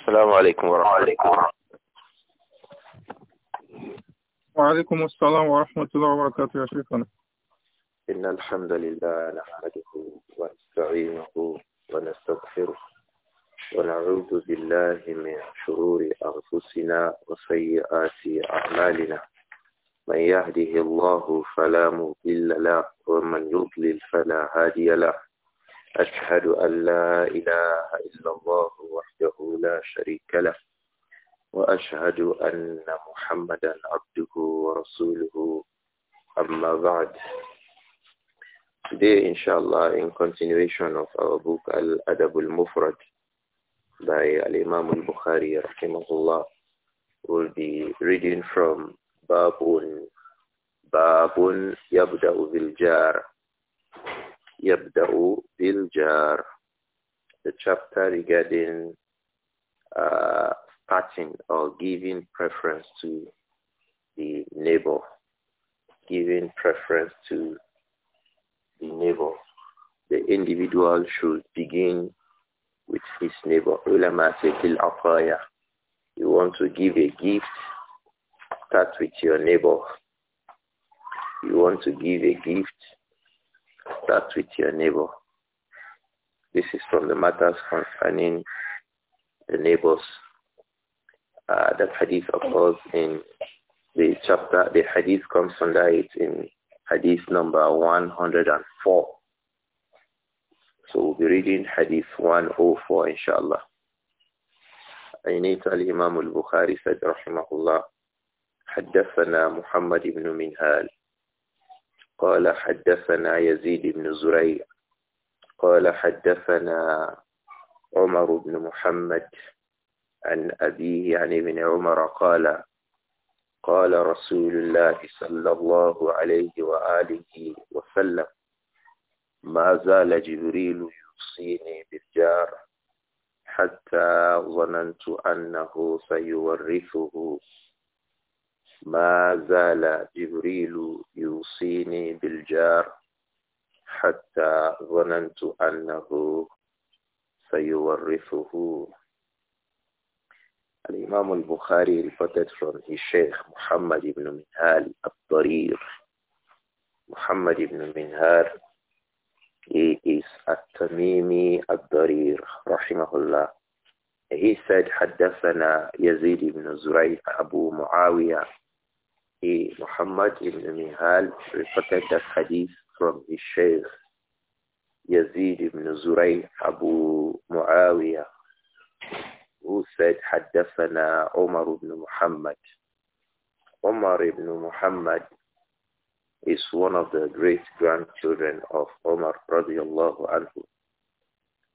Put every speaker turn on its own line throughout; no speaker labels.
السلام عليكم ورحمة الله وعليكم السلام ورحمة الله وبركاته يا شيخنا إن الحمد لله نحمده ونستعينه ونستغفره ونعوذ بالله من شرور أنفسنا وسيئات أعمالنا من يهده الله فلا مضل له ومن يضلل فلا هادي له أشهد أن لا إله إلا الله وحده لا شريك له وأشهد أن محمدا عبده ورسوله أما بعد Today, inshallah, in continuation of our book Al-Adab al-Mufrad by Al-Imam al-Bukhari, rahimahullah, will be reading from Babun, Babun Yabda'u bil يبدأ بالجار the chapter regarding uh, starting or giving preference to the neighbor giving preference to the neighbor the individual should begin with his neighbor ulama you want to give a gift start with your neighbor you want to give a gift contract with your neighbor. This is from the matters concerning the neighbors. Uh, that hadith occurs in the chapter, the hadith comes under it in hadith number 104. So we'll be reading hadith 104 inshallah. عن الإمام البخاري said رحمه الله حدثنا محمد بن منهال قال حدثنا يزيد بن زريع قال حدثنا عمر بن محمد عن أبيه يعني من عمر قال قال رسول الله صلى الله عليه وآله وسلم ما زال جبريل يوصيني بالجار حتى ظننت أنه سيورثه ما زال جبريل يوصيني بالجار حتى ظننت أنه سيورثه الإمام البخاري reported from his Sheikh Muhammad ibn Minhal al-Tarir Muhammad ibn Minhal he is التميمي الضرير رحمه الله he said حدثنا يزيد بن زريع أبو معاوية he, Muhammad ibn Mihal, reported that hadith from his sheikh, Yazid ibn Zurayn Abu Muawiyah, who said, حدثنا Omar ibn Muhammad. Umar ibn Muhammad is one of the great grandchildren of Umar radiallahu anhu.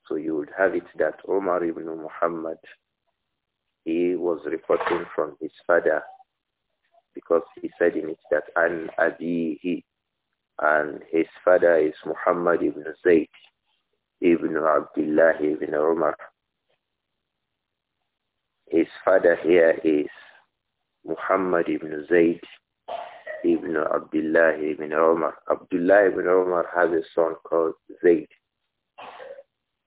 So you would have it that Umar ibn Muhammad, he was reporting from his father because he said in it that an abihi and his father is Muhammad ibn Zayd ibn Abdullah ibn Umar. His father here is Muhammad ibn Zayd ibn Abdullah ibn Umar. Abdullah ibn Umar has a son called Zayd.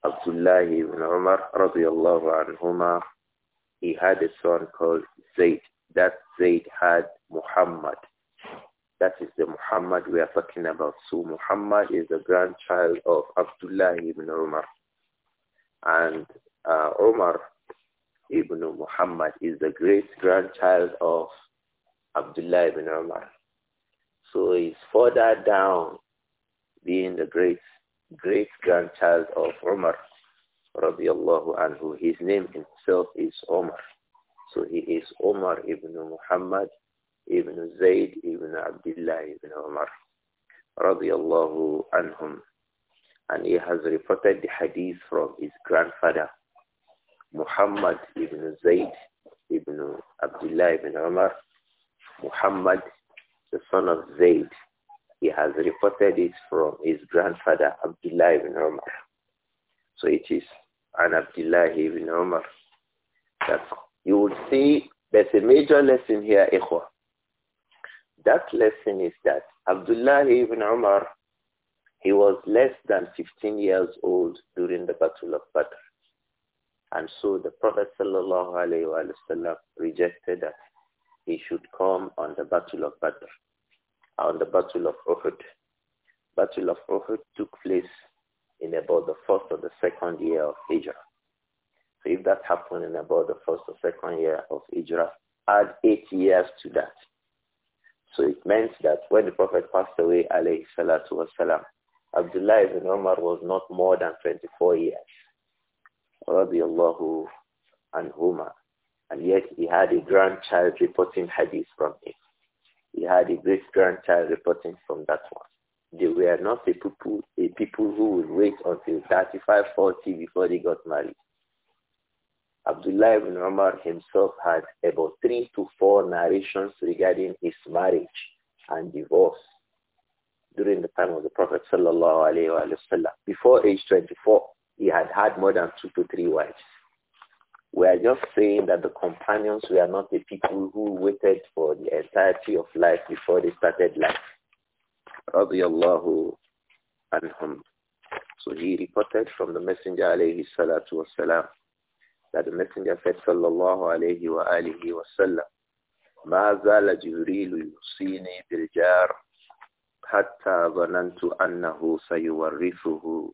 Abdullah ibn Umar radiallahu anhuma, he had a son called Zayd. That Zayd had Muhammad. That is the Muhammad we are talking about. So Muhammad is the grandchild of Abdullah ibn Umar. And uh, Umar ibn Muhammad is the great-grandchild of Abdullah ibn Umar. So he's further down being the great great grandchild of Umar radiallahu anhu. His name himself is Omar. So he is Omar ibn Muhammad ibn Zayd ibn Abdullah ibn Omar radiallahu anhum. And he has reported the hadith from his grandfather, Muhammad ibn Zayd ibn Abdullah ibn Omar. Muhammad, the son of Zayd, he has reported it from his grandfather, Abdullah ibn Omar. So it is an Abdullah ibn Omar that you would see there's a major lesson here, Ikhwa. That lesson is that Abdullah ibn Umar, he was less than 15 years old during the Battle of Badr. And so the Prophet wasallam rejected that he should come on the Battle of Badr, on the Battle of Uhud. Battle of Uhud took place in about the first or the second year of Hijrah. So if that happened in about the first or second year of Hijrah, add eight years to that. So it meant that when the Prophet passed away, alayhi salatu wasalam, Abdullah ibn Umar was not more than 24 years. Radiallahu anhuma. And yet he had a grandchild reporting hadith from him. He had a great grandchild reporting from that one. They were not a people, a people who would wait until 35, 40 before they got married. Abdullah ibn Umar himself had about three to four narrations regarding his marriage and divorce during the time of the Prophet sallallahu alaihi wasallam. Before age 24, he had had more than two to three wives. We are just saying that the companions were not the people who waited for the entirety of life before they started life. Radiallahu anhum. So he reported from the Messenger alayhi salatu wasalam that the Messenger said, sallallahu alayhi wa alihi wa sallam, ما زال جبريل يوصيني بالجار حتى ظننت أنه سيورثه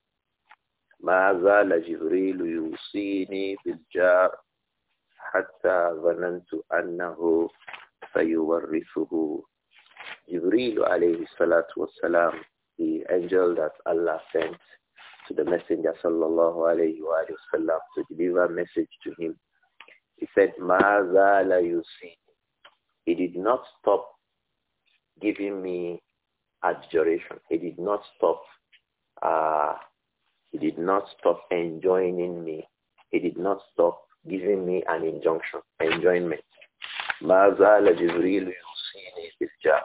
ما زال جبريل يوصيني بالجار حتى ظننت أنه سيورثه Jibril alayhi salatu wasalam, the angel that Allah sent to the Messenger sallallahu alayhi wa sallam to deliver a message to him. He said, Ma'azala yusi. He did not stop giving me adjuration. He did not stop. Uh, he did not stop enjoining me. He did not stop giving me an injunction, enjoyment. Ma'azala Jibril yusini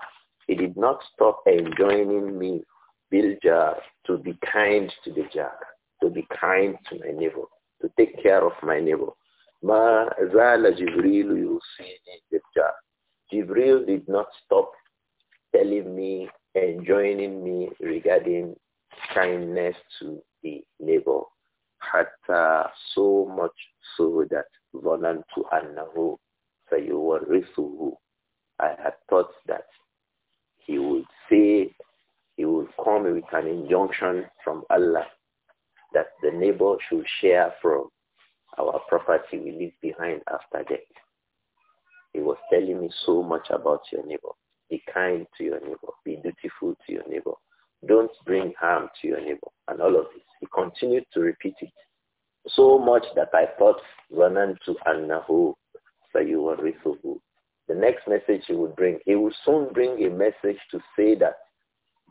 He did not stop enjoining me jar to be kind to the jar, to be kind to my neighbor, to take care of my neighbor. Ma zala Jibril the jar, Jibril did not stop telling me, and joining me regarding kindness to the neighbor. Hatta so much so that to annahu sayuwarrithuhu. I had thought that he would say he will come with an injunction from Allah that the neighbor should share from our property we leave behind after death. He was telling me so much about your neighbor. Be kind to your neighbor. Be dutiful to your neighbor. Don't bring harm to your neighbor. And all of this. He continued to repeat it so much that I thought, Ranantu Annahu Sayuwarisuhu. The next message he would bring, he would soon bring a message to say that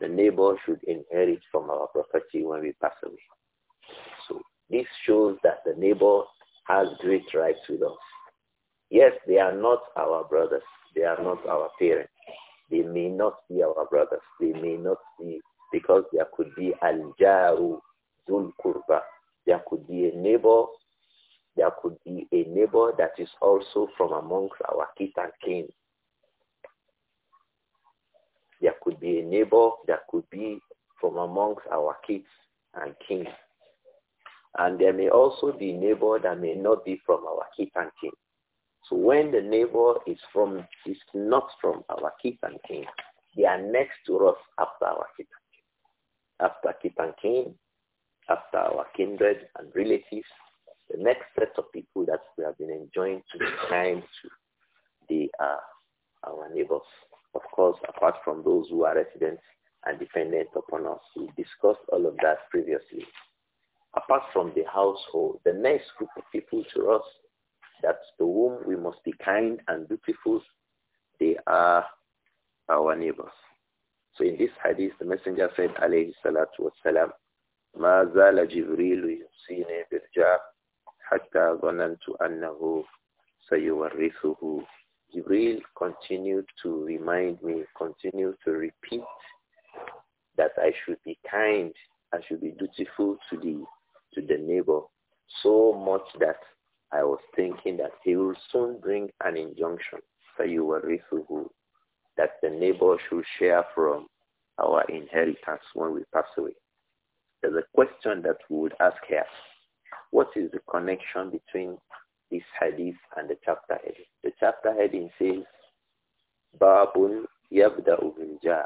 the neighbor should inherit from our property when we pass away. So this shows that the neighbor has great rights with us. Yes, they are not our brothers. They are not our parents. They may not be our brothers. They may not be because there could be al-jaru zul kurba. There could be a neighbor. There could be a neighbor that is also from amongst our kith and kin. a neighbor that could be from amongst our kids and kin. And there may also be neighbor that may not be from our kids and kin. So when the neighbor is from is not from our kids and kin, they are next to us after our kids After kids and kin, after our kindred and relatives, the next set of people that we have been enjoying to be kind to, they are our neighbors. Of course, apart from those who are residents and dependent upon us. We discussed all of that previously. Apart from the household, the next group of people to us that to whom we must be kind and dutiful, they are our neighbors. So in this hadith, the messenger said, alayhi salatu wassalam, ما زال جبريل يوصيني بالجار حتى ظننت أنه سيورثه Jibril continued to remind me, continued to repeat that I should be kind, I should be dutiful to the to the neighbor so much that I was thinking that he will soon bring an injunction for you who that the neighbor should share from our inheritance when we pass away. There's a question that we would ask here. What is the connection between this hadith and the chapter heading. The chapter heading says, Babun Yabda'u bil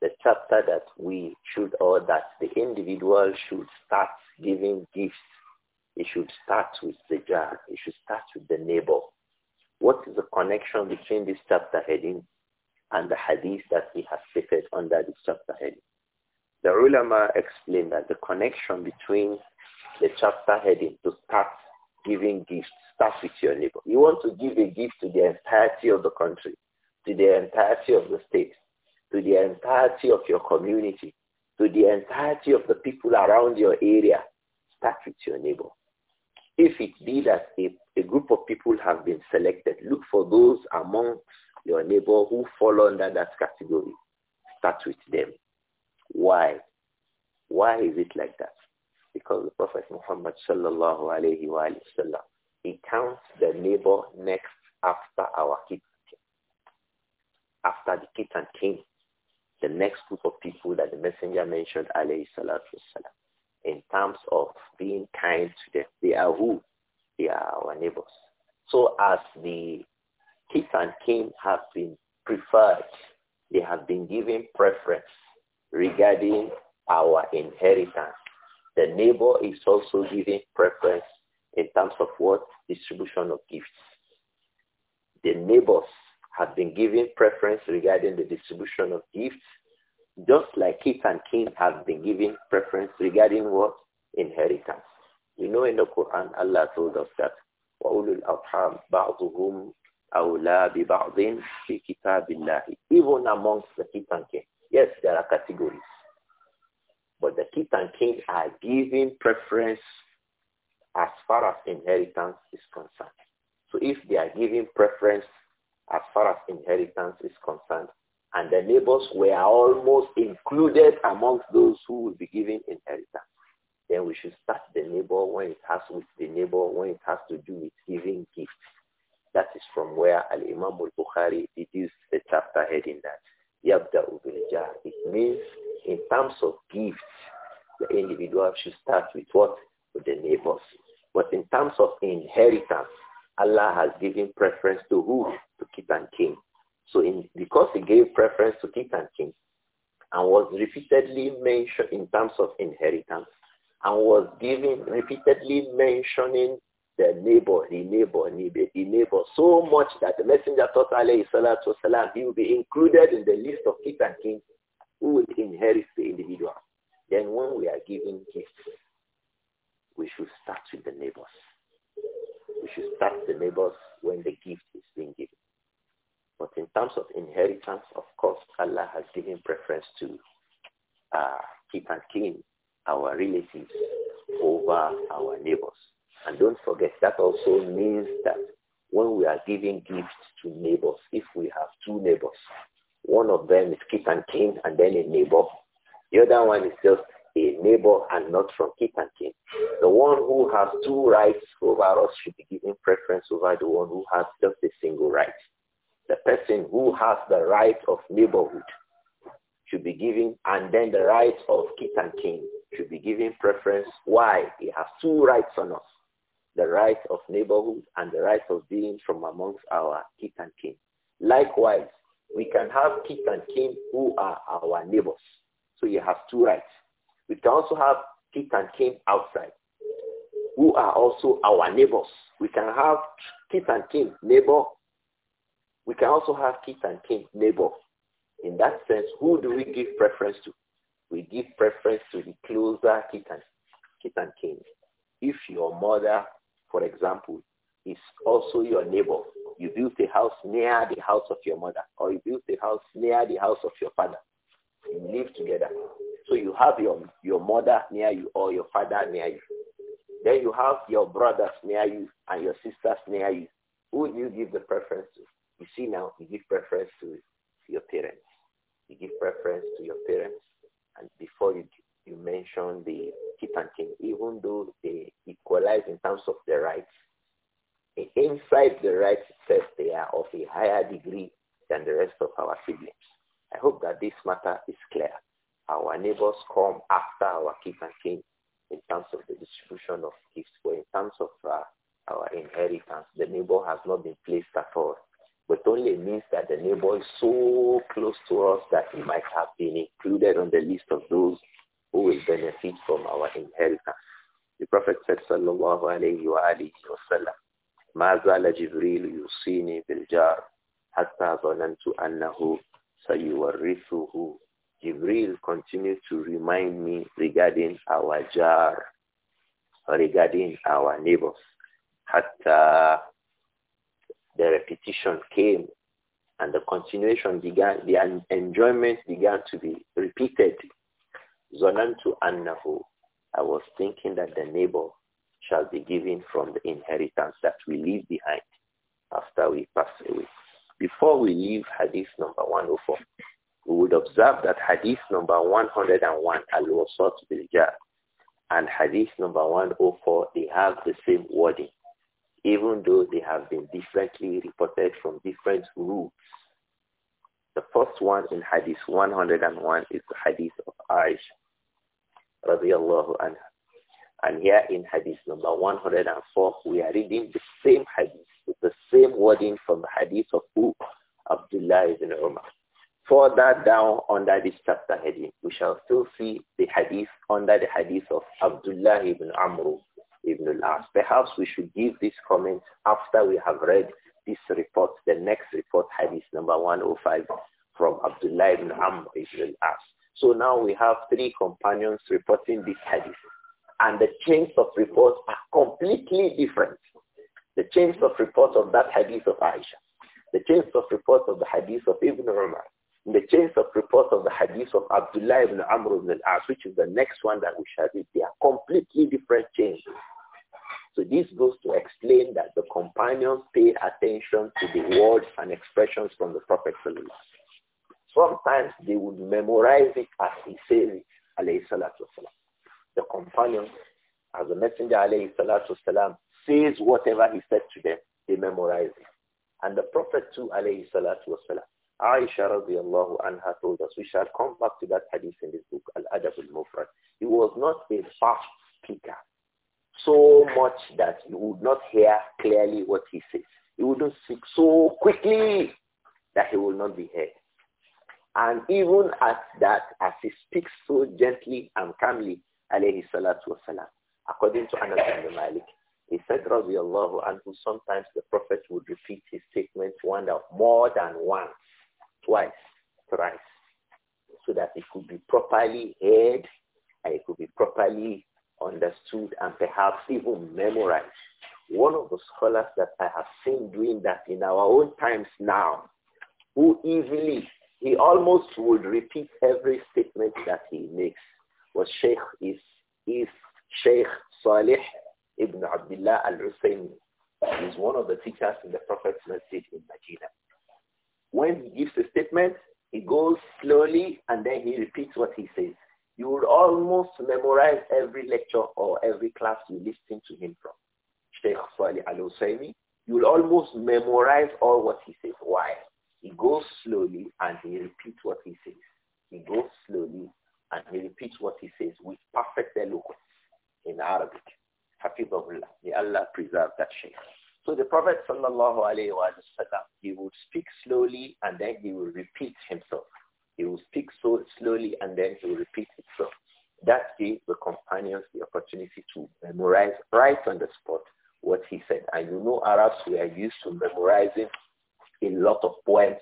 The chapter that we should, or that the individual should start giving gifts. It should start with the jar. It should start with the neighbor. What is the connection between this chapter heading and the hadith that we have stated under this chapter heading? The ulama explained that the connection between the chapter heading to start giving gifts, start with your neighbor. You want to give a gift to the entirety of the country, to the entirety of the state, to the entirety of your community, to the entirety of the people around your area. Start with your neighbor. If it be that a, a group of people have been selected, look for those among your neighbor who fall under that category. Start with them. Why? Why is it like that? because the Prophet Muhammad sallallahu alayhi wa sallam, he counts the neighbor next after our kit, after the kit and king, the next group of people that the messenger mentioned alayhi salatu wasalam, in terms of being kind to them. They are who? They are our neighbors. So as the kit and king have been preferred, they have been given preference regarding our inheritance the neighbor is also giving preference in terms of what? Distribution of gifts. The neighbors have been given preference regarding the distribution of gifts, just like king and king have been given preference regarding what? Inheritance. We know in the Quran, Allah told us that Even amongst the king and king. Yes, there are categories. But the kith and kin are giving preference as far as inheritance is concerned. So if they are giving preference as far as inheritance is concerned, and the neighbors were almost included amongst those who will be given inheritance, then we should start the neighbor when it has with the neighbor, when it has to do with giving gifts. That is from where Al-Imam al-Bukhari deduced the chapter heading that. It means in terms of gifts, the individual should start with what? With the neighbors. But in terms of inheritance, Allah has given preference to who? To kith and kin. So in, because he gave preference to kith and kin and was repeatedly mentioned in terms of inheritance and was given repeatedly mentioning the neighbor, the neighbor, neighbor, the neighbor, so much that the messenger taught Allah, he will be included in the list of kith and kin who would inherit the individual. Then when we are giving gifts, we should start with the neighbors. We should start the neighbors when the gift is being given. But in terms of inheritance, of course, Allah has given preference to uh, keep and clean our relatives over our neighbors. And don't forget, that also means that when we are giving gifts to neighbors, if we have two neighbors, one of them is Kit and Kin and then a neighbor. The other one is just a neighbor and not from Kit and Kin. The one who has two rights over us should be given preference over the one who has just a single right. The person who has the right of neighborhood should be given, and then the right of Kit and Kin should be given preference. Why? He has two rights on us the right of neighborhood and the right of being from amongst our Kit and kin. Likewise, we can have Kit and Kim, who are our neighbors. So you have two rights. We can also have Kit and Kim outside who are also our neighbors. We can have Kit and Kim neighbor. We can also have Kit and Kim neighbor. In that sense, who do we give preference to? We give preference to the closer Kit and, kith and If your mother, for example, is also your neighbor, you built a house near the house of your mother, or you built a house near the house of your father. You live together. So you have your, your mother near you or your father near you. Then you have your brothers near you and your sisters near you. Who do you give the preference to? You see now, you give preference to your parents. You give preference to your parents. And before you, you mention the kit and king, even though they equalize in terms of the rights, inside the right set, they are of a higher degree than the rest of our siblings. I hope that this matter is clear. Our neighbors come after our king and king in terms of the distribution of gifts, but in terms of uh, our inheritance, the neighbor has not been placed at all. But only means that the neighbor is so close to us that he might have been included on the list of those who will benefit from our inheritance. The Prophet said, Sallallahu Alaihi Wasallam, ما زال جبريل يوصيني بالجار حتى ظننت أنه سيورثه جبريل continued to remind me regarding our jar, regarding our neighbors. حتى the repetition came and the continuation began, the enjoyment began to be repeated. ظننت أنه I was thinking that the neighbor shall be given from the inheritance that we leave behind after we pass away. Before we leave hadith number 104, we would observe that hadith number 101, al-wasat bil-jar, and hadith number 104, they have the same wording, even though they have been differently reported from different routes. The first one in hadith 101 is the hadith of Aisha, radiallahu anha. And here in hadith number 104, we are reading the same hadith with the same wording from the hadith of who? Abdullah ibn Umar. Further down under this chapter heading, we shall still see the hadith under the hadith of Abdullah ibn Amr ibn al-As. Perhaps we should give this comment after we have read this report, the next report, hadith number 105 from Abdullah ibn Amr ibn al-As. So now we have three companions reporting this hadith and the chains of reports are completely different. The chains of reports of that hadith of Aisha, the chains of reports of the hadith of Ibn Umar, the chains of reports of the hadith of Abdullah ibn Amr ibn al-As, which is the next one that we shall read, they are completely different chains. So this goes to explain that the companions paid attention to the words and expressions from the Prophet Sometimes they would memorize it as he says it, alayhi salatu wasalam the companion, as the Messenger alayhi salatu salam, says whatever he said to them, they memorize it. And the Prophet too alayhi salatu wasalam, Aisha radiallahu anha told us, we shall come back to that hadith in this book, Al-Adab al-Mufrad. He was not a fast speaker, so much that you would not hear clearly what he says. He wouldn't speak so quickly that he will not be heard. And even at that, as he speaks so gently and calmly, alayhi salatu wasalam. According to Anas bin Malik, he said, radiallahu anhu, sometimes the Prophet would repeat his statement one more than once, twice, thrice, so that it could be properly heard and it could be properly understood and perhaps even memorized. One of the scholars that I have seen doing that in our own times now, who easily, he almost would repeat every statement that he makes was Sheikh is, is Sheikh Salih ibn Abdullah al-Husayni. is one of the teachers in the Prophet's Masjid in Medina. When he gives a statement, he goes slowly and then he repeats what he says. You would almost memorize every lecture or every class you listen to him from. Sheikh Salih al-Husayni, you will almost memorize all what he says. Why? He goes slowly and he repeats what he says. He goes slowly and he repeats what he says with perfect eloquence in Arabic. Hafidahullah. May Allah preserve that shaykh. So the Prophet sallallahu alayhi wa sallam, he would speak slowly and then he will repeat himself. He will speak so slowly and then he will repeat himself. That gave the companions the opportunity to memorize right on the spot what he said. And you know Arabs were used to memorizing a lot of poems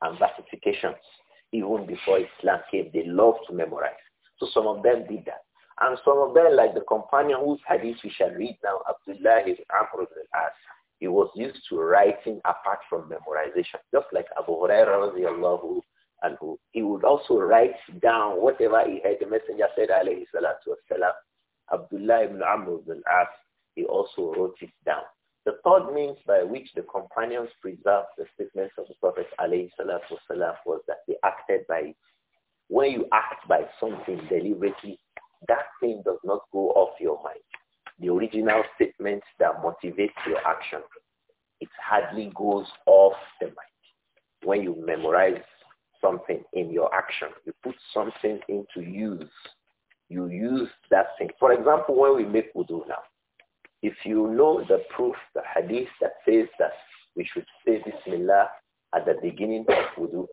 and versifications even before Islam came. They love to memorize. So some of them did that. And some of them, like the companion whose hadith we shall read now, Abdullah ibn Amr ibn al-As, he was used to writing apart from memorization, just like Abu Hurairah and who he would also write down whatever he heard the messenger said alayhi salatu wasalam. Abdullah ibn Amr ibn al-As, he also wrote it down. The third means by which the companions preserved the statements of the Prophet والسلام, was that they acted by it. When you act by something deliberately, that thing does not go off your mind. The original statement that motivates your action, it hardly goes off the mind. When you memorize something in your action, you put something into use. You use that thing. For example, when we make wudu now, if you know the proof, the hadith that says that we should say Bismillah at the beginning of wudu,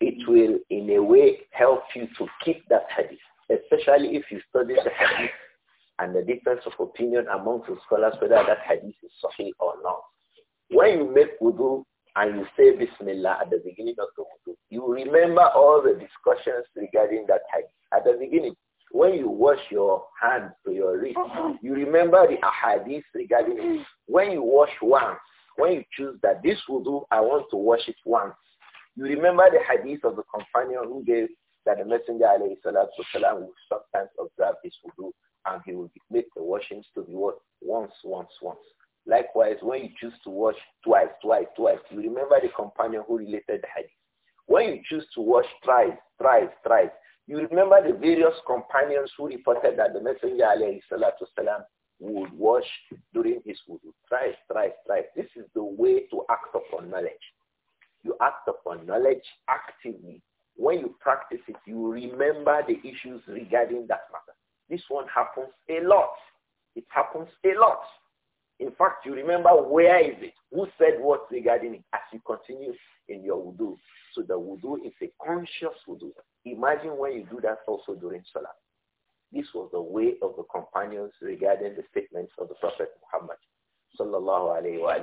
it will in a way help you to keep that hadith, especially if you study the hadith and the difference of opinion among the scholars whether that hadith is sahih or not. When you make wudu and you say Bismillah at the beginning of the wudu, you remember all the discussions regarding that hadith at the beginning. When you wash your hands to your wrist, you remember the ahadith regarding it. When you wash once, when you choose that this will do, I want to wash it once. You remember the hadith of the companion who gave that the Messenger والسلام, will sometimes observe this wudu and he will make the washings to be what? Once, once, once. Likewise, when you choose to wash twice, twice, twice, you remember the companion who related the hadith. When you choose to wash thrice, thrice, thrice, you remember the various companions who reported that the Messenger alayhi salatu salam would wash during his wudu. Try, try, try. This is the way to act upon knowledge. You act upon knowledge actively. When you practice it, you remember the issues regarding that matter. This one happens a lot. It happens a lot. In fact, you remember where is it? Who said what regarding it as you continue in your wudu? So the wudu is a conscious wudu. Imagine when you do that also during Salah. This was the way of the companions regarding the statements of the Prophet Muhammad sallallahu alayhi wa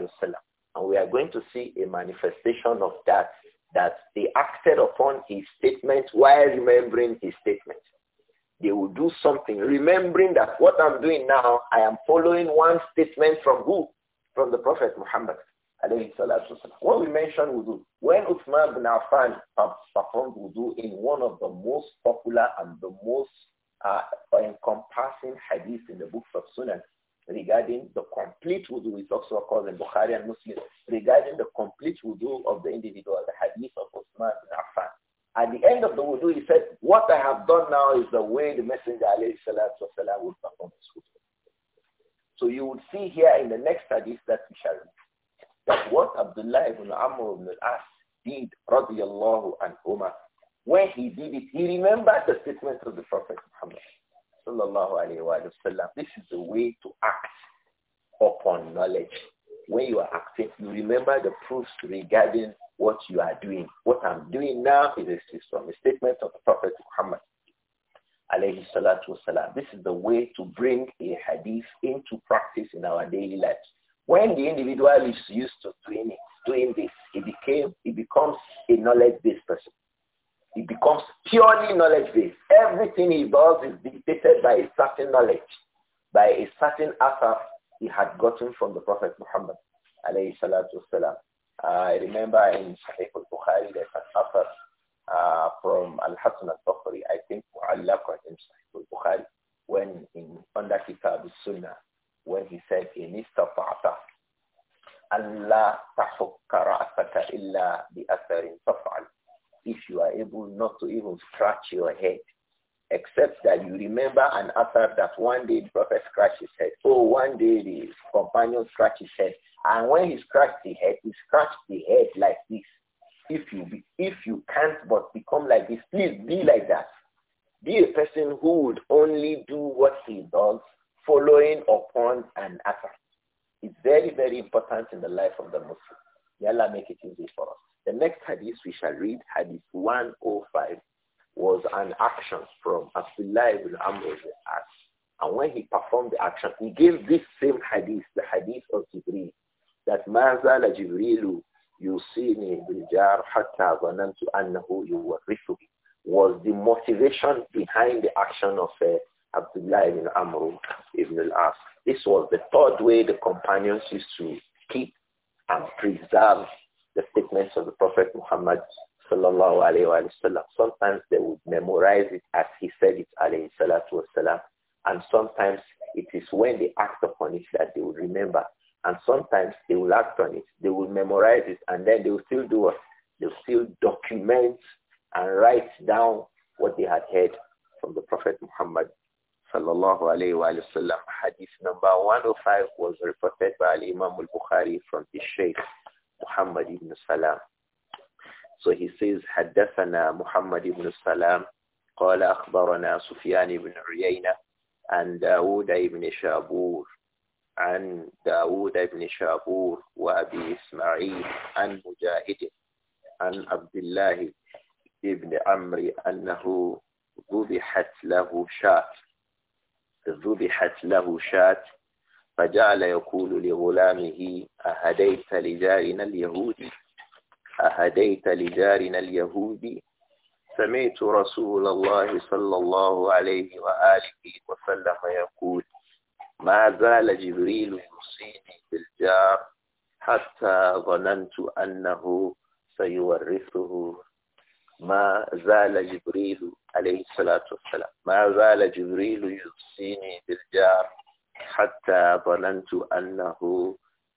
And we are going to see a manifestation of that, that they acted upon his statement while remembering his statement. They will do something, remembering that what I'm doing now, I am following one statement from who? From the Prophet Muhammad when we mention wudu, when Uthman bin Affan performed wudu in one of the most popular and the most uh, encompassing hadith in the books of Sunan regarding the complete wudu, which also called in Bukhari and Muslim, regarding the complete wudu of the individual, the hadith of Uthman bin Affan. At the end of the wudu, he said, what I have done now is the way the Messenger والسلام, would perform his wudu. So you would see here in the next hadith that we shall that what Abdullah ibn Amr ibn al-As did, radiyallahu anhuma, when he did it, he remembered the statement of the Prophet Muhammad, sallallahu alayhi wa sallam. This is the way to act upon knowledge. When you are acting, you remember the proofs regarding what you are doing. What I'm doing now is, is from the statement of the Prophet Muhammad, alayhi salatu This is the way to bring a hadith into practice in our daily lives. When the individual is used to doing it, doing this, he became, he becomes a knowledge-based person. He becomes purely knowledge-based. Everything he does is dictated by a certain knowledge, by a certain asaf he had gotten from the Prophet Muhammad alayhi salatu wasalam. Uh, I remember in Sahih al-Bukhari there's an asaf uh, from al hassan al-Bukhari, I think Mu'allaqan in Sahih al-Bukhari, when in Kitab al-Sunnah, when he said, Allah illa bi atharin If you are able not to even scratch your head, except that you remember an author that one day the prophet scratched his head. oh one one day the companion scratched his head. And when he scratched the head, he scratched the head like this. If you, be, if you can't but become like this, please be like that. Be a person who would only do what he does following upon an attack. It's very, very important in the life of the Muslim. May Allah make it easy for us. The next hadith we shall read, hadith 105, was an action from Abdullah ibn Amr As. And when he performed the action, he gave this same hadith, the hadith of Jibreel, that Mazala Jibrilu yusini biljar hatta zanantu annahu yuwarrithuhi was the motivation behind the action of uh, Abdullah ibn Amr ibn al-As. This was the third way the companions used to keep and preserve the statements of the Prophet Muhammad sallallahu alayhi wa sallam. Sometimes they would memorize it as he said it alayhi salatu And sometimes it is when they act upon it that they will remember. And sometimes they will act on it. They will memorize it and then they will still do what? They will still document and write down what they had heard from the Prophet Muhammad sallallahu alayhi wa sallam. Hadith number 105 was reported by al Imam al-Bukhari from his Shaykh Muhammad ibn Salam. So he says, حدثنا محمد بن السلام قال أخبرنا سفيان بن عيينة عن داود بن شابور عن داود بن شابور وأبي إسماعيل عن مجاهد عن عبد الله بن عمرو أنه ذبحت له شاة ذبحت له شاة فجعل يقول لغلامه أهديت لجارنا اليهودي أهديت لجارنا اليهودي سمعت رسول الله صلى الله عليه وآله وسلم يقول ما زال جبريل يوصيني بالجار حتى ظننت أنه سيورثه ما زال جبريل عليه الصلاة والسلام ما زال جبريل يوصيني بالجار حتى ظننت أنه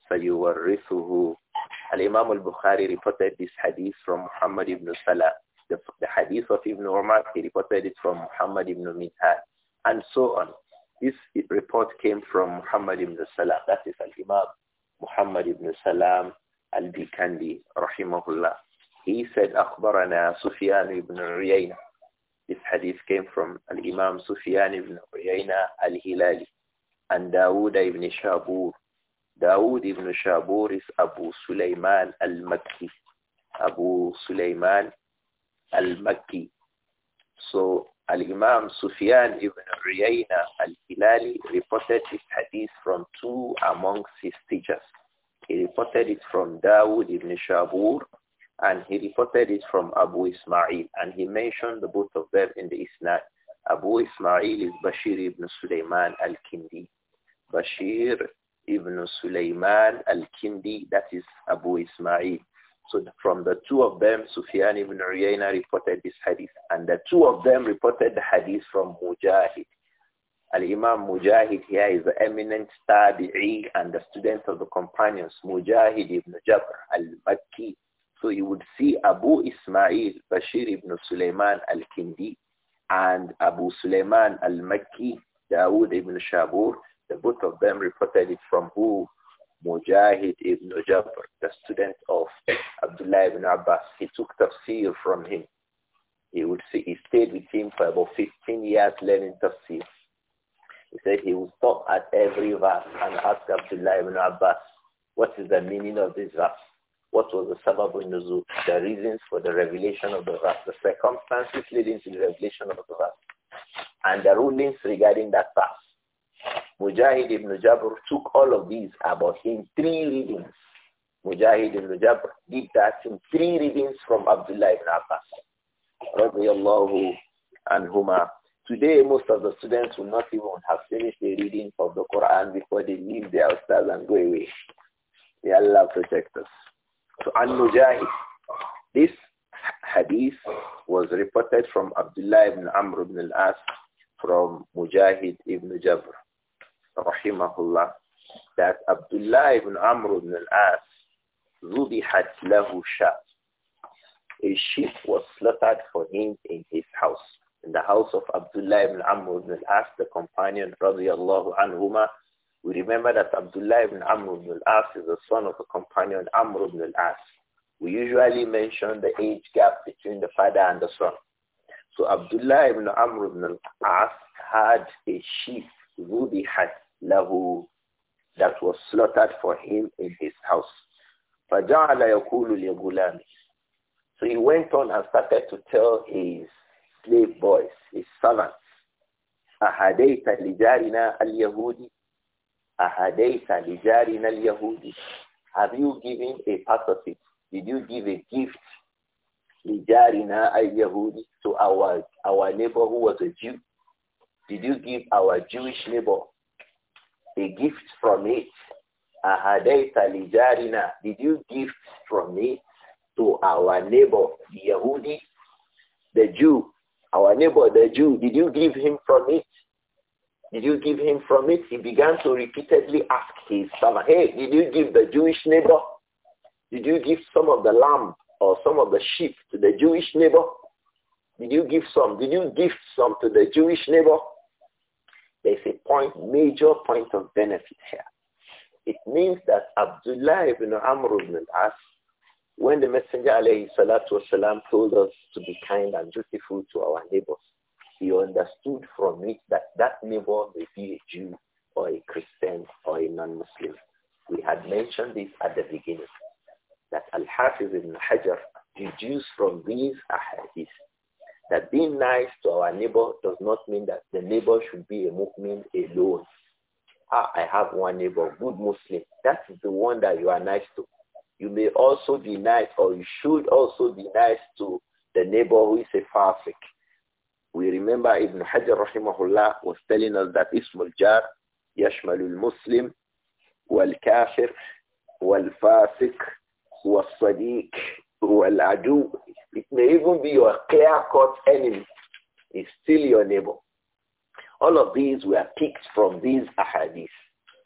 سيورثه الإمام imam al-Bukhari reported this hadith from Muhammad ibn Salah. The, the hadith of Ibn Umar, he reported it from Muhammad ibn Midhad, and so on. This report came from Muhammad ibn Salah. That is Al-Imam Muhammad ibn Salam al-Bikandi, rahimahullah. He said, أخبرنا سفيان ibn عيينة This hadith came from Al-Imam Sufyan ibn Uyayna al-Hilali and Dawood ibn Shabur. Dawood ibn Shabur is Abu Sulaiman al-Makki. Abu Sulaiman al-Makki. So Al-Imam Sufyan ibn Uyayna al-Hilali reported this hadith from two amongst his teachers. He reported it from Dawood ibn Shabur and he reported it from Abu Ismail, and he mentioned the both of them in the Isnad. Abu Ismail is Bashir ibn Sulaiman al-Kindi. Bashir ibn Sulaiman al-Kindi, that is Abu Ismail. So from the two of them, Sufyan ibn Uyayna reported this hadith, and the two of them reported the hadith from Mujahid. Al-Imam Mujahid here is the eminent tabi'i and the student of the companions, Mujahid ibn Jabr Abu Ismail Bashir ibn Sulaiman al-Kindi and Abu Sulaiman al-Makki, Dawood ibn Shabur, the both of them reported it from who? Mujahid ibn Jabr, the student of Abdullah ibn Abbas. He took tafsir from him. He would say he stayed with him for about 15 years learning tafsir. He said he would stop at every verse and ask Abdullah ibn Abbas, what is the meaning of this verse? What was the sababun nuzul? The reasons for the revelation of the verse, the circumstances leading to the revelation of the verse, and the rulings regarding that verse. Mujahid ibn Jabr took all of these about him three readings. Mujahid ibn Jabr did that in three readings from Abdullah ibn Abbas. and Today, most of the students will not even have finished the reading of the Quran before they leave their hostel and go away. May Allah protect us. So An-Mujahid, this hadith was reported from Abdullah ibn Amr ibn al-As from Mujahid ibn Jabr, rahimahullah, that Abdullah ibn Amr ibn al-As zubihat لَهُ شَاء A sheep was slaughtered for him in his house, in the house of Abdullah ibn Amr ibn al-As, the companion, radiallahu anhuma, we remember that Abdullah ibn Amr ibn al-As is the son of a companion Amr ibn al-As. We usually mention the age gap between the father and the son. So Abdullah ibn Amr ibn al-As had a sheep, Zubihat lahu, that was slaughtered for him in his house. فَجَعَلَ So he went on and started to tell his slave boys, his servants, أَهَدَيْتَ لِجَارِنَا اليهودي. Ahadaita lijarina al-Yahudi. Have you given a part of it? Did you give a gift? Lijarina al-Yahudi to our, our neighbor who was a Jew. Did you give our Jewish neighbor a gift from it? Ahadaita lijarina. Did you give from it to our neighbor, the Yahudi, the Jew? Our neighbor, the Jew, did you give him from it? Did you give him from it? He began to repeatedly ask his servant, hey, did you give the Jewish neighbor? Did you give some of the lamb or some of the sheep to the Jewish neighbor? Did you give some? Did you give some to the Jewish neighbor? There's a point, major point of benefit here. It means that Abdullah ibn Amr ibn as when the Messenger alayhi salatu wasalam told us to be kind and dutiful to our neighbors, he understood from it that that neighbor may be a Jew or a Christian or a non-Muslim. We had mentioned this at the beginning, that Al-Hafiz ibn Hajar deduced from these ahadith that being nice to our neighbor does not mean that the neighbor should be a mu'min alone. Ah, I have one neighbor, good Muslim. That is the one that you are nice to. You may also be nice or you should also be nice to the neighbor who is a Farfik we remember Ibn Hajar rahimahullah was telling us that Ismul Jar Yashmalul Muslim wal Kafir wal Fasik wal Sadiq wal Adu. It may even be your clear-cut enemy. It's still your neighbor. All of these were picked from these ahadith.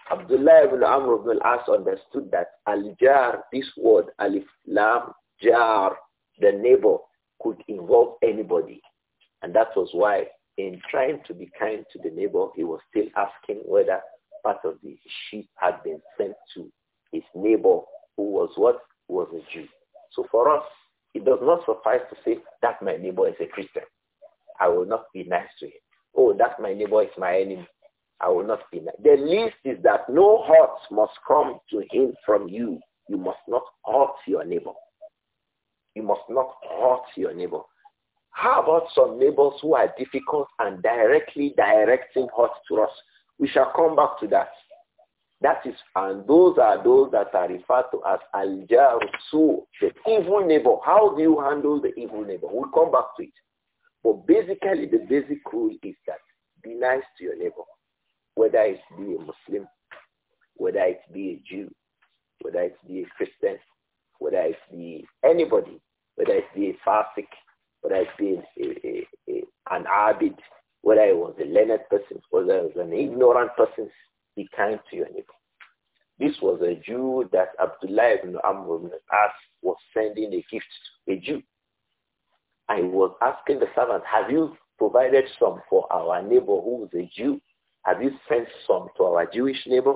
Abdullah ibn Amr ibn al-As understood that al-jar, this word, alif lam, jar, the neighbor, could involve anybody. And that was why in trying to be kind to the neighbor, he was still asking whether part of the sheep had been sent to his neighbor who was what? Was a Jew. So for us, it does not suffice to say that my neighbor is a Christian. I will not be nice to him. Oh, that my neighbor is my enemy. I will not be nice. The least is that no hurt must come to him from you. You must not hurt your neighbor. You must not hurt your neighbor. How about some neighbors who are difficult and directly directing hurt to us? We shall come back to that. That is, and those are those that are referred to as al so the evil neighbor. How do you handle the evil neighbor? We'll come back to it. But basically, the basic rule is that be nice to your neighbor, whether it be a Muslim, whether it be a Jew, whether it be a Christian, whether it be anybody, whether it be a Farsic, whether I've a, a, a, an avid, whether I was a learned person, whether I was an ignorant person, be kind to your neighbor. This was a Jew that Abdullah ibn Amr ibn as was sending a gift to, a Jew. I was asking the servant, have you provided some for our neighbor who is a Jew? Have you sent some to our Jewish neighbor?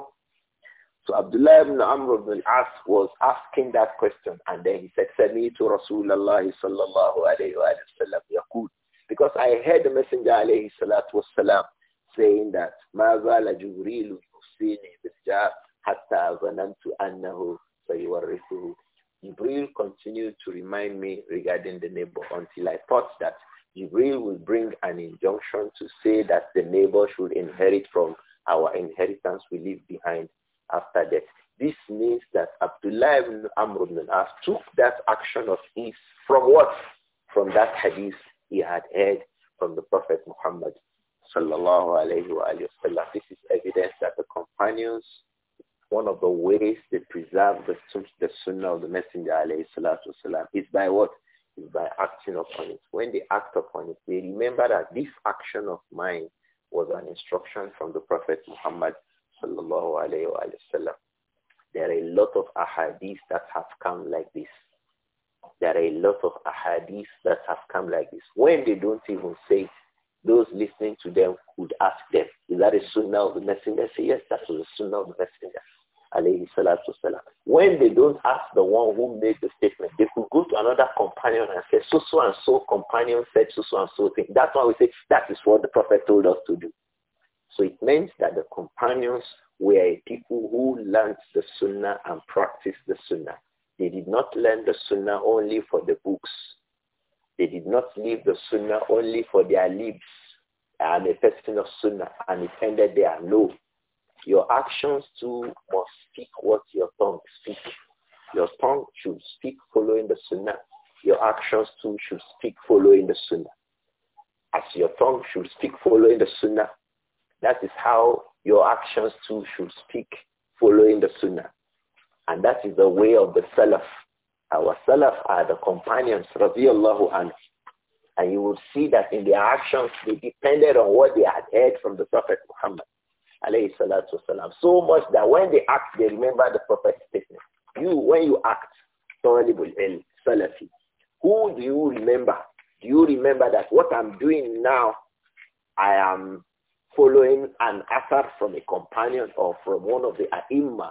So Abdullah ibn Amr ibn al-As was asking that question and then he said, Sami'tu Rasulallah sallallahu alayhi wa sallam yaqul. Because I heard the Messenger alayhi salatu saying that, مَا زَالَ جُبْرِيلُ يُوصِينِي بِالْجَارِ حَتَّى ظَنَنْتُ أَنَّهُ سَيُوَرِّثُهُ Jibril continued to remind me regarding the neighbor until I thought that Jibril will bring an injunction to say that the neighbor should inherit from our inheritance we leave behind after death. This means that Abdullah ibn Amr ibn as took that action of his from what? From that hadith he had heard from the Prophet Muhammad sallallahu alayhi wa sallam. This is evidence that the companions, one of the ways they preserve the, the sunnah of the Messenger alayhi salatu wasalam, is by what? Is by acting upon it. When they act upon it, they remember that this action of mine was an instruction from the Prophet Muhammad sallallahu alayhi wa sallam. There are a lot of ahadith that have come like this. There are a lot of ahadith that have come like this. When they don't even say those listening to them would ask them, is that a sunnah of the messenger? Say, yes, that was a sunnah of the messenger. When they don't ask the one who made the statement, they could go to another companion and say, so so and so companion said so so and so thing. That's why we say that is what the prophet told us to do. So it meant that the companions were people who learned the Sunnah and practiced the Sunnah. They did not learn the Sunnah only for the books. They did not leave the Sunnah only for their lips. I'm a person of Sunnah and it ended there. No. Your actions too must speak what your tongue speaks. Your tongue should speak following the Sunnah. Your actions too should speak following the Sunnah. As your tongue should speak following the Sunnah, that is how your actions too should speak following the Sunnah. And that is the way of the Salaf. Our Salaf are the companions, radiallahu anhu. And you will see that in their actions, they depended on what they had heard from the Prophet Muhammad. So much that when they act, they remember the Prophet's statement. You, when you act, Salafi, who do you remember? Do you remember that what I'm doing now, I am following an asar from a companion or from one of the ai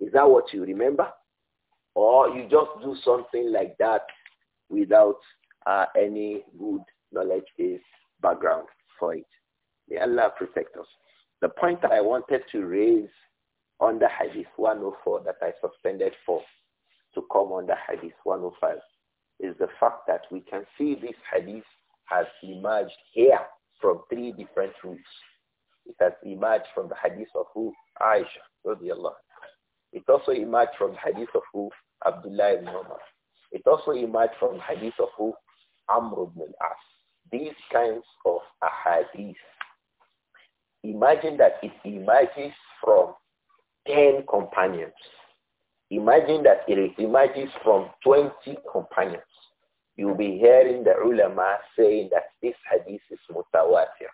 Is that what you remember? Or you just do something like that without uh, any good knowledge is background for it. May Allah protect us. The point that I wanted to raise under Hadith 104 that I suspended for to come under Hadith 105 is the fact that we can see this Hadith has emerged here from three different routes. It has emerged from the hadith of who? Aisha, radiallahu It also emerged from the hadith of who? Abdullah ibn Umar. It also emerged from the hadith of who? Amr ibn al-As. These kinds of ahadith. Imagine that it emerges from 10 companions. Imagine that it emerges from 20 companions. You'll be hearing the ulama saying that this hadith is mutawatir.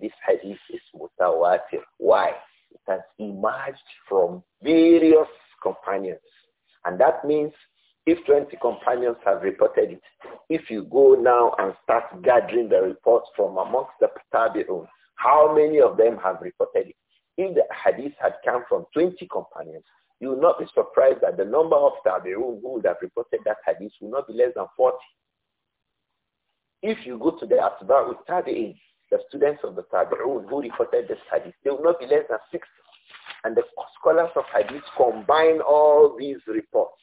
This hadith is mutawatir. Why? It has emerged from various companions. And that means if 20 companions have reported it, if you go now and start gathering the reports from amongst the tabi'un, how many of them have reported it? If the hadith had come from 20 companions, you will not be surprised that the number of tabi'un who would have reported that hadith will not be less than 40. If you go to the atba'u tabi'in, the students of the Tabi'un who reported this hadith, they will not be less than 60. And the scholars of hadith combine all these reports.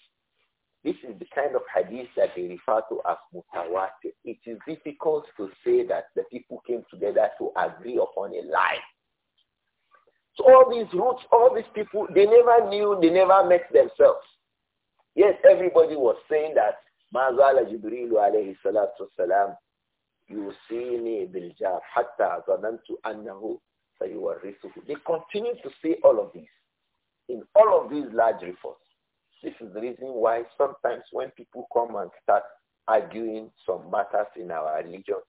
This is the kind of hadith that they refer to as mutawatir. It is difficult to say that the people came together to agree upon a lie. So all these roots, all these people, they never knew, they never met themselves. Yes, everybody was saying that Mazala Jibril alayhi salatu salam يوصيني بالجار حتى ظننت أنه سيورثه. They continue to say all of these in all of these large reports. This is the reason why sometimes when people come and start arguing some matters in our religion,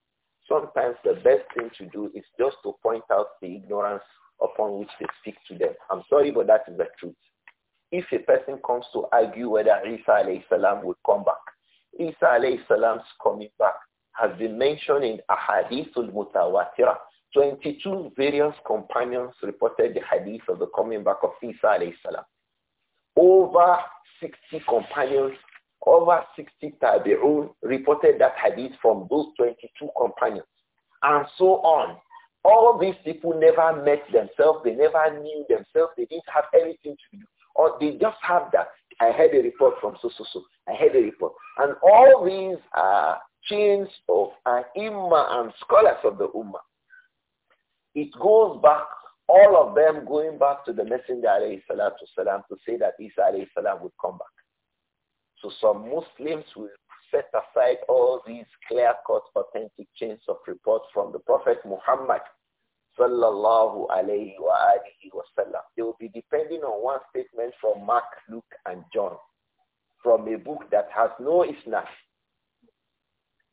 sometimes the best thing to do is just to point out the ignorance upon which they speak to them. I'm sorry, but that is the truth. If a person comes to argue whether Isa alayhi salam would come back, Isa alayhi salam's coming back has been mentioned in al Mutawatira. 22 various companions reported the hadith of the coming back of Isa alayhi salam. Over 60 companions, over 60 tabi'un reported that hadith from those 22 companions. And so on. All these people never met themselves. They never knew themselves. They didn't have anything to do. Or they just have that. I heard a report from so, so, so. I heard a report. And all these are chains of ai and scholars of the Ummah. It goes back, all of them going back to the Messenger alayhi to say that Isa would come back. So some Muslims will set aside all these clear-cut authentic chains of reports from the Prophet Muhammad sallallahu alayhi wa alihi They will be depending on one statement from Mark, Luke, and John from a book that has no isnad,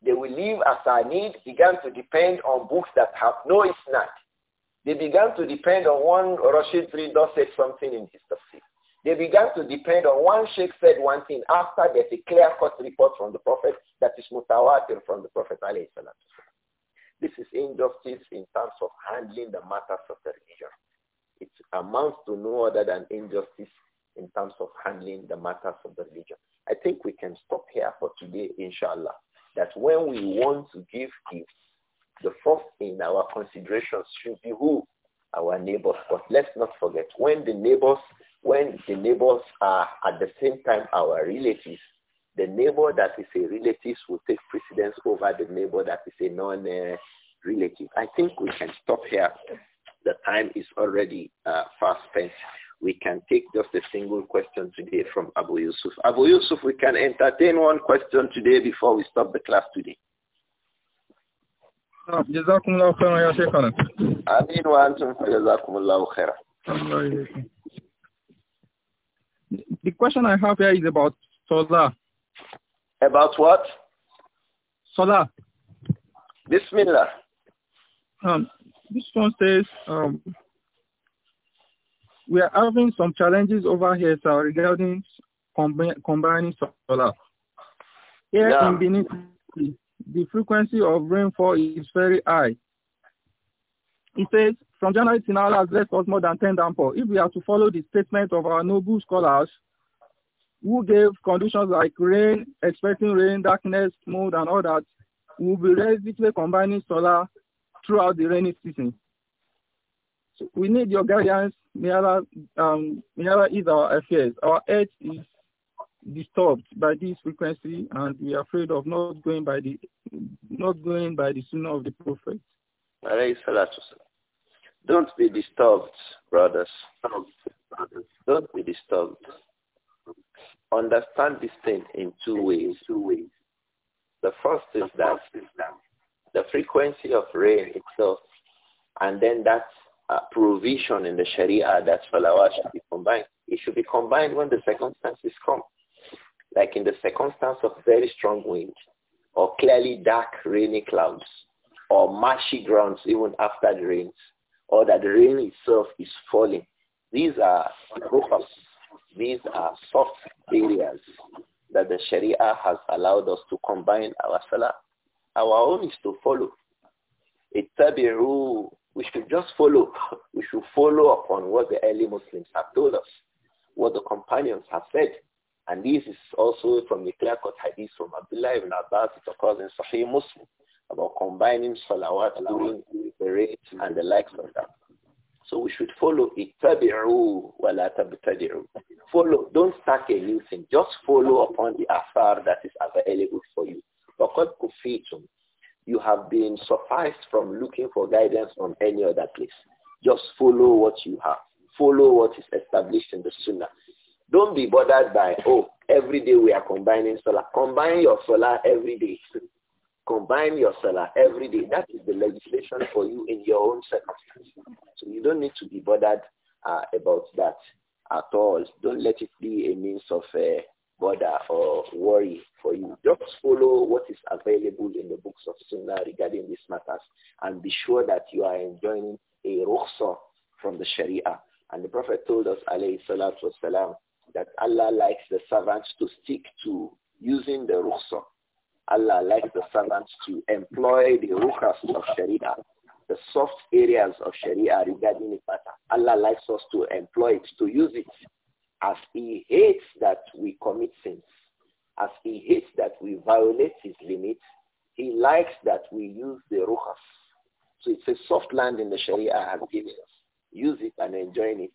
they will leave as our need began to depend on books that have no insight. They began to depend on one Rashid Rida said something in his tafsir. They began to depend on one sheikh said one thing after there's a clear-cut report from the Prophet that is mutawatir from the Prophet This is injustice in terms of handling the matters of the religion. It amounts to no other than injustice in terms of handling the matters of the religion. I think we can stop here for today, inshallah that when we want to give gifts, the first in our considerations should be who? Our neighbors. But let's not forget, when the neighbors, when the neighbors are at the same time our relatives, the neighbor that is a relative will take precedence over the neighbor that is a non-relative. I think we can stop here. The time is already uh, fast spent we can take just a single question today from Abu Yusuf. Abu Yusuf, we can entertain one question today before we stop the class today. Ah, the question I have here is about Salah. About what? Salah. Bismillah. Um, this one says, um, we are having some challenges over here, sir, regarding combining solar. Here yeah. in Benin, the frequency of rainfall is very high. It says, from January to now has left us more than 10 downpour. If we are to follow the statement of our noble scholars who gave conditions like rain, expecting rain, darkness, mold, and all that, we'll be basically combining solar throughout the rainy season we need your guidance. Miara, um, our affairs. Our earth is disturbed by this frequency, and we are afraid of not going by the not going by the sunnah of the Prophet. Don't be disturbed, brothers. Don't be disturbed. Understand this thing in two ways. Two ways. The first is that the frequency of rain itself, and then that uh, provision in the Sharia that salawat should be combined. It should be combined when the circumstances come. Like in the circumstance of very strong wind or clearly dark rainy clouds or marshy grounds even after the rains or that the rain itself is falling. These are roofers. These are soft areas that the Sharia has allowed us to combine our salah. Our own is to follow. rule. We should just follow. We should follow upon what the early Muslims have told us, what the companions have said. And this is also from the clear-cut hadith from Abdullah ibn Abbas. It occurs in Sahih Muslim about combining salawat doing the rate and the likes of that. So we should follow it Follow, don't start a new thing. Just follow upon the afar that is available for you you have been sufficed from looking for guidance from any other place. Just follow what you have. Follow what is established in the Sunnah. Don't be bothered by, oh, every day we are combining solar. Combine your Salah every day. Combine your Salah every day. That is the legislation for you in your own circumstances. So you don't need to be bothered uh, about that at all. Don't let it be a means of uh, bother or worry for you. Just follow what is available in the books of Sunnah regarding these matters and be sure that you are enjoying a rukhsah from the Sharia. And the Prophet told us, alayhi salatu wasalam, that Allah likes the servants to stick to using the rukhsah. Allah likes the servants to employ the rukhas of Sharia, the soft areas of Sharia regarding the matter. Allah likes us to employ it, to use it as he hates that we commit sins, as he hates that we violate his limits, he likes that we use the ruhas. So it's a soft land in the Sharia has given us. Use it and enjoy it.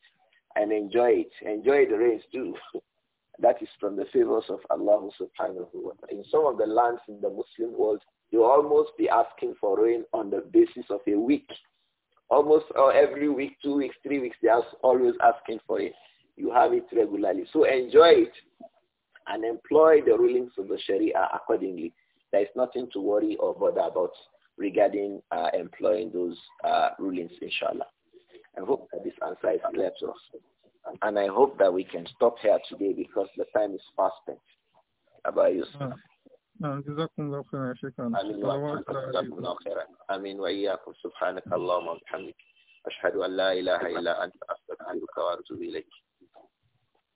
And enjoy it. Enjoy the rains too. that is from the favors of Allah subhanahu wa ta'ala. In some of the lands in the Muslim world, you almost be asking for rain on the basis of a week. Almost every week, two weeks, three weeks, they are always asking for it. You have it regularly. So enjoy it and employ the rulings of the Sharia accordingly. There is nothing to worry or bother about regarding uh, employing those uh, rulings, inshallah. I hope that this answer is clear to us. And I hope that we can stop here today because the time is fast spent. About you. جزاكم الله خيرا شكرا امين واياكم سبحانك اللهم وبحمدك اشهد ان لا اله الا انت استغفرك واتوب اليك